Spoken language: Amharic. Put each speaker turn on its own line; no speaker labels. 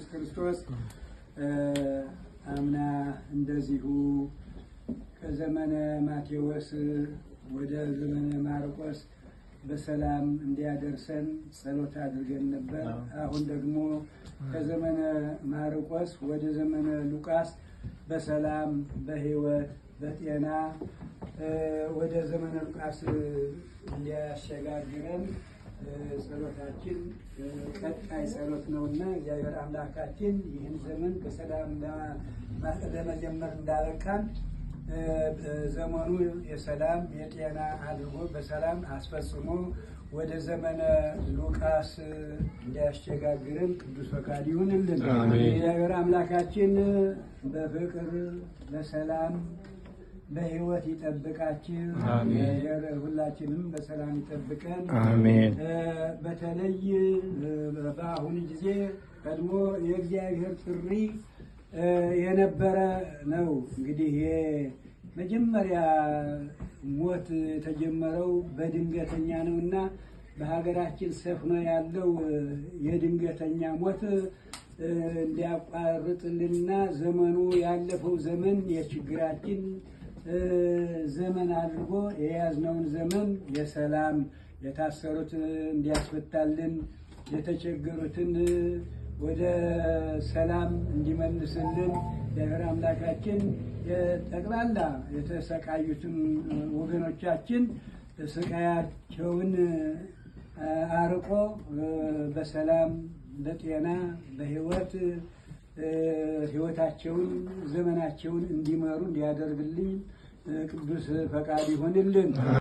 ኢየሱስ ክርስቶስ አምና እንደዚሁ ከዘመነ ማቴዎስ ወደ ዘመነ ማርቆስ በሰላም እንዲያደርሰን ጸሎት አድርገን ነበር። አሁን ደግሞ ከዘመነ ማርቆስ ወደ ዘመነ ሉቃስ በሰላም በሕይወት በጤና ወደ ዘመነ ሉቃስ እንዲያሸጋግረን ጸሎታችን ቀጣይ ጸሎት ነውና እግዚአብሔር አምላካችን ይህን ዘመን በሰላም ለመጀመር እንዳበቃን ዘመኑ የሰላም የጤና አድርጎ በሰላም አስፈጽሞ ወደ ዘመነ ሉቃስ እንዲያሸጋግረን ቅዱስ ፈቃድ ይሁንልን። እግዚአብሔር አምላካችን በፍቅር በሰላም በህይወት ይጠብቃችሁ። ሁላችንም በሰላም ይጠብቀን። አሜን። በተለይ በአሁኑ ጊዜ ቀድሞ የእግዚአብሔር ጥሪ የነበረ ነው። እንግዲህ መጀመሪያ ሞት የተጀመረው በድንገተኛ ነው እና በሀገራችን ሰፍኖ ያለው የድንገተኛ ሞት እንዲያቋርጥልንና ዘመኑ ያለፈው ዘመን የችግራችን ዘመን አድርጎ የያዝነውን ዘመን የሰላም የታሰሩትን እንዲያስፈታልን የተቸገሩትን ወደ ሰላም እንዲመልስልን የእግዚአብሔር አምላካችን ጠቅላላ የተሰቃዩትን ወገኖቻችን ስቃያቸውን አርቆ በሰላም በጤና በሕይወት ህይወታቸውን ዘመናቸውን እንዲመሩ እንዲያደርግልኝ ቅዱስ ፈቃድ ይሆንልን።